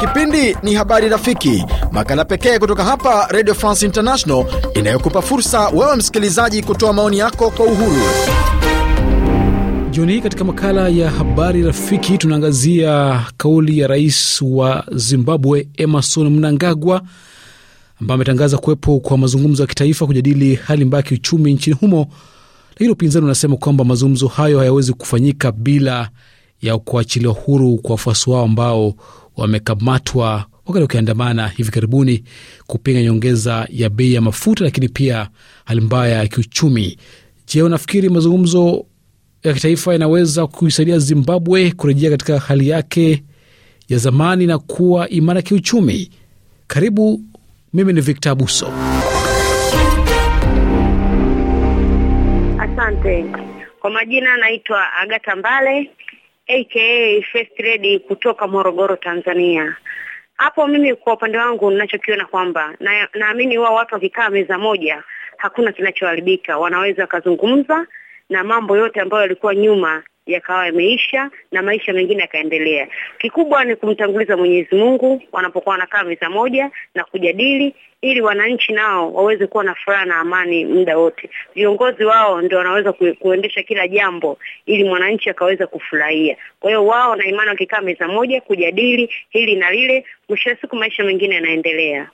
kipindi ni habari rafiki, makala pekee kutoka hapa Radio France International inayokupa fursa wewe msikilizaji kutoa maoni yako kwa uhuru. Jioni hii katika makala ya habari rafiki, tunaangazia kauli ya rais wa Zimbabwe Emerson Mnangagwa ambaye ametangaza kuwepo kwa mazungumzo ya kitaifa kujadili hali mbaya ya kiuchumi nchini humo lakini upinzani unasema kwamba mazungumzo hayo hayawezi kufanyika bila ya kuachiliwa huru kwa wafuasi wao ambao wamekamatwa wakati wakiandamana hivi karibuni kupinga nyongeza ya bei ya mafuta, lakini pia hali mbaya ya kiuchumi. Je, unafikiri mazungumzo ya kitaifa yanaweza kuisaidia Zimbabwe kurejea katika hali yake ya zamani na kuwa imara kiuchumi? Karibu. Mimi ni Victor Abuso. Asante. Kwa majina anaitwa Agata Mbale aka First Lady kutoka Morogoro, Tanzania. Hapo mimi kwa upande wangu ninachokiona kwamba naamini na wao watu wakikaa meza moja hakuna kinachoharibika, wanaweza wakazungumza na mambo yote ambayo yalikuwa nyuma yakawa yameisha na maisha mengine yakaendelea. Kikubwa ni kumtanguliza Mwenyezi Mungu wanapokuwa wanakaa meza moja na kujadili, ili wananchi nao waweze kuwa na furaha na amani muda wote. Viongozi wao ndio wanaweza kuendesha kila jambo, ili mwananchi akaweza kufurahia. Kwa hiyo wao na imani, wakikaa meza moja kujadili hili na lile, mwisho wa siku maisha mengine yanaendelea.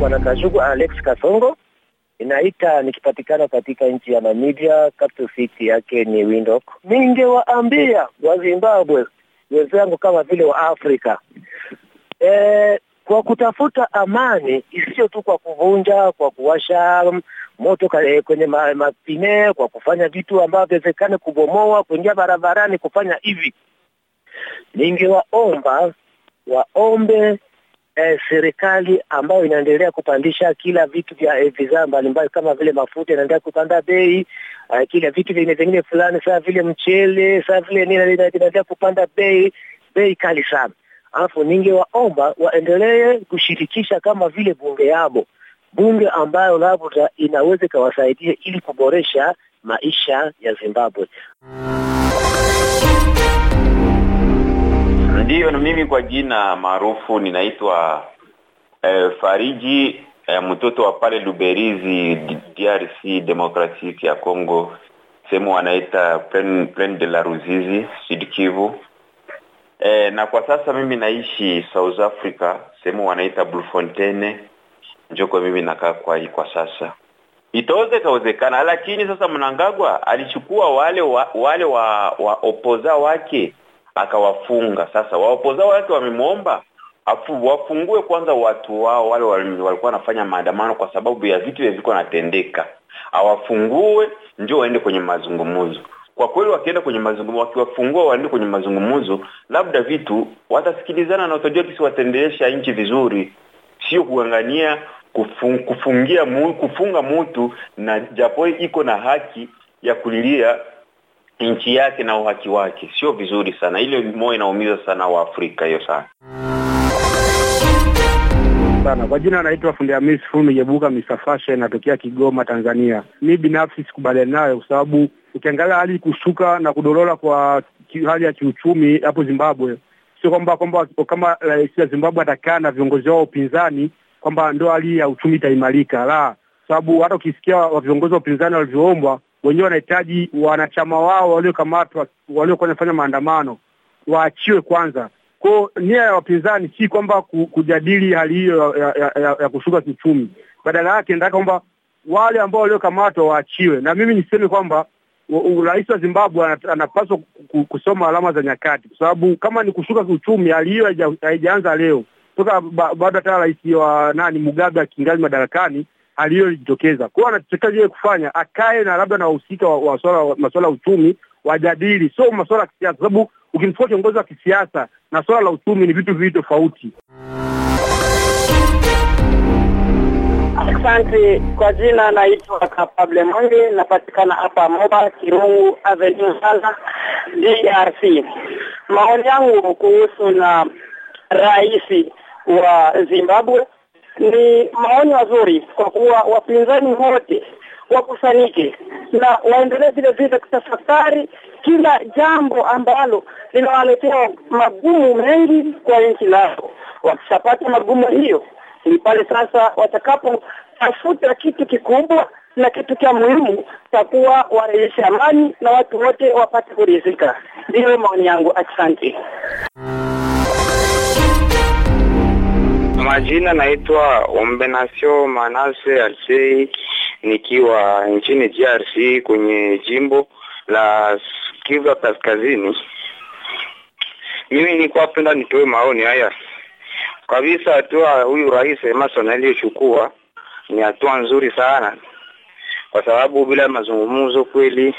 Bwana Kashugu Alex Kasongo inaita nikipatikana katika nchi ya Namibia, capital city yake ni Windhoek. Ningewaambia wa zimbabwe wenzangu kama vile wa Afrika e, kwa kutafuta amani isiyo tu kwa kuvunja, kwa kuwasha moto e, kwenye mapine, kwa kufanya vitu ambavyo viwezekane kubomoa, kuingia barabarani, kufanya hivi, ningewaomba waombe eh, serikali ambayo inaendelea kupandisha kila vitu vya eh, bidhaa mbalimbali kama vile mafuta inaendelea kupanda bei eh, kila vitu vingine vingine fulani saa vile mchele saa vile nini inaendelea kupanda bei bei kali sana. Alafu ningewaomba waendelee kushirikisha kama vile bunge yabo, bunge ambayo labda inaweza ikawasaidia ili kuboresha maisha ya Zimbabwe. Ndiyo, na mimi kwa jina maarufu ninaitwa eh, Fariji eh, mtoto wa pale Luberizi, DRC Democratic ya Congo, sehemu wanaita Plaine, Plaine de la Ruzizi, Sud Kivu. Eh, na kwa sasa mimi naishi South Africa, sehemu wanaita Bloemfontein, njoko mimi nakaa kwa hii kwa sasa. Itaweze ikawezekana lakini sasa Mnangagwa alichukua wale wa, wale wa, wa opoza wake akawafunga. Sasa wapozao wake wamemwomba afu wafungue kwanza watu wao wale walikuwa wanafanya maandamano kwa sababu ya vitu vilivyokuwa natendeka, awafungue ndio waende kwenye mazungumzo. Kwa kweli wakienda kwenye mazungumzo, wakiwafungua waende kwenye mazungumzo, labda vitu watasikilizana na utajua tusiwatendelesha nchi vizuri, sio kugangania kufung, kufungia mu, kufunga mtu na japo iko na haki ya kulilia nchi yake na uhaki wake. Sio vizuri sana, ile moyo inaumiza sana wa afrika hiyo sana sana kwa jina anaitwa Fundi Hamis Fumi Jebuka Misafasha, inatokea Kigoma, Tanzania. Mi binafsi sikubaliani nayo kwa sababu ukiangalia hali kushuka na kudorora kwa hali ya kiuchumi hapo Zimbabwe, sio kwamba kwamba kama eh, rais wa Zimbabwe atakaa na viongozi wao upinzani kwamba ndo hali ya uchumi itaimarika, la sababu hata ukisikia viongozi wa upinzani walivyoombwa wenyewe wanahitaji wanachama wao waliokamatwa, waliokuwa wanafanya maandamano waachiwe kwanza. Kwao nia ya wapinzani si kwamba kujadili hali hiyo ya, ya, ya, ya kushuka kiuchumi, badala yake nataka kwamba wale ambao waliokamatwa waachiwe. Na mimi niseme kwamba rais wa Zimbabwe anapaswa kusoma alama za nyakati, kwa sababu kama ni kushuka kiuchumi, hali hiyo haijaanza leo toka bado hata rais wa nani Mugabe akingali madarakani aliyojitokeza. Kwa hiyo yeye kufanya akae na labda na wahusika wa, wa, wa masuala ya uchumi wajadili, sio masuala ya kisiasa, sababu ukimchukua kiongozi wa kisiasa na suala la uchumi ni vitu vii tofauti. Asante. Kwa jina naitwa Kapable Mwangi, napatikana hapa Moba Kirungu Avenue sana DRC. Maoni yangu kuhusu na rais wa Zimbabwe ni maoni mazuri kwa kuwa wapinzani wote wakusanyike na waendelee vile vile kutafakari kila jambo ambalo linawaletea magumu mengi kwa nchi lao. Wakishapata magumu hiyo, ni pale sasa watakapotafuta kitu kikubwa na kitu cha muhimu cha kuwa warejeshe amani na watu wote wapate kuridhika. Ndiyo maoni yangu, asante. Majina naitwa Ombenasio Manase Alsei, nikiwa nchini DRC kwenye jimbo la Kivu Kaskazini. Mimi nilikuwa penda nitoe maoni haya kabisa. Hatua huyu Rais Emerson aliyochukua ni hatua nzuri sana, kwa sababu bila mazungumzo kweli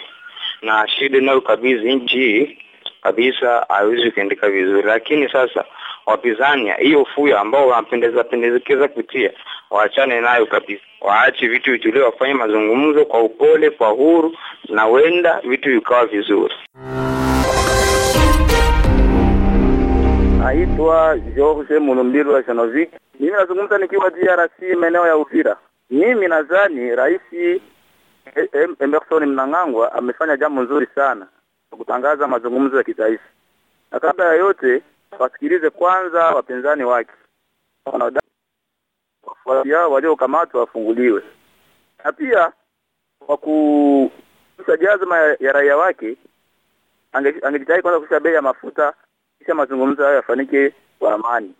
na shida inayokabidhi nchi hii kabisa haiwezi kuendeka vizuri, lakini sasa wapizania hiyo fuya ambao wanapendeza pendekeza kutia, waachane nayo kabisa, waache vitu vitulie, wafanye mazungumzo kwa upole, kwa huru, na wenda vitu vikawa vizuri. Naitwa George wa Shanovic. Mimi nazungumza nikiwa DRC maeneo ya Uvira. Mimi nadhani Rais Emerson mnang'angwa amefanya jambo nzuri sana kutangaza mazungumzo ya kitaifa, na kabla ya yote wasikilize kwanza wapinzani wake wafuasi hao waliokamatwa wafunguliwe, na pia kwa kusa jazma ya raia wake angejitahidi kwanza kusha bei ya mafuta, kisha mazungumzo hayo yafanike kwa amani.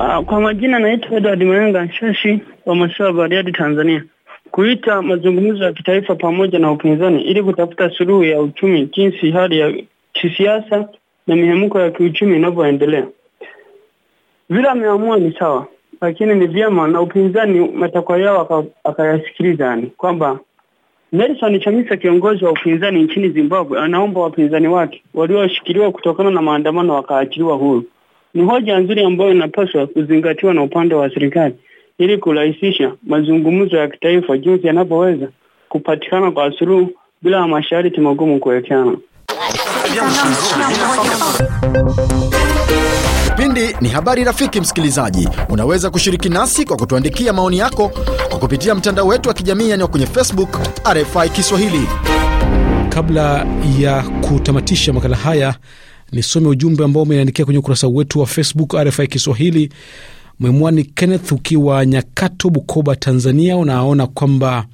Ah, kwa majina naitwa Edward Maenga Nshashi wa Maswa Bariadi, Tanzania kuita mazungumzo ya kitaifa pamoja na upinzani ili kutafuta suluhu ya uchumi jinsi hali ya kisiasa na mihemko ya kiuchumi inavyoendelea. Vile ameamua ni sawa, lakini ni vyema na upinzani matakwa yao akayasikiliza, yani kwamba Nelson Chamisa, kiongozi wa upinzani nchini Zimbabwe, anaomba wapinzani wake walioshikiliwa kutokana na maandamano wakaachiliwa huru. Ni hoja nzuri ambayo inapaswa kuzingatiwa na upande wa serikali ili kurahisisha mazungumzo ya kitaifa jinsi yanapoweza kupatikana kwa suluhu bila masharti magumu kuwekeana. Kipindi ni habari. Rafiki msikilizaji, unaweza kushiriki nasi kwa kutuandikia maoni yako kwa kupitia mtandao wetu wa kijamii yani kwenye Facebook RFI Kiswahili. Kabla ya kutamatisha makala haya, nisome ujumbe ambao umeandikia kwenye ukurasa wetu wa Facebook RFI Kiswahili. Mwimwani Kenneth ukiwa Nyakato, Bukoba, Tanzania, unaona kwamba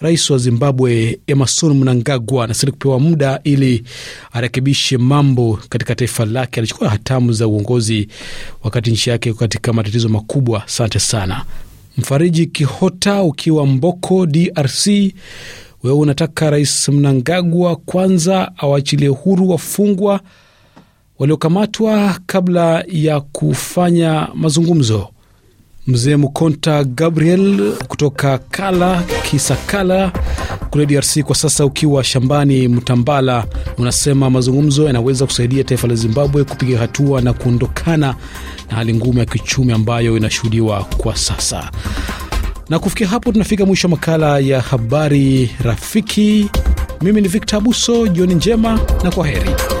Rais wa Zimbabwe Emerson Mnangagwa anastahili kupewa muda ili arekebishe mambo katika taifa lake. Alichukua hatamu za uongozi wakati nchi yake katika matatizo makubwa. Asante sana. Mfariji Kihota ukiwa Mboko, DRC, wewe unataka Rais Mnangagwa kwanza awaachilie huru wafungwa waliokamatwa kabla ya kufanya mazungumzo. Mzee Mukonta Gabriel kutoka Kala Kisakala kule DRC, kwa sasa ukiwa shambani Mtambala, unasema mazungumzo yanaweza kusaidia taifa la Zimbabwe kupiga hatua na kuondokana na hali ngumu ya kiuchumi ambayo inashuhudiwa kwa sasa. Na kufikia hapo, tunafika mwisho wa makala ya habari rafiki. Mimi ni Victor Abuso, jioni njema na kwa heri.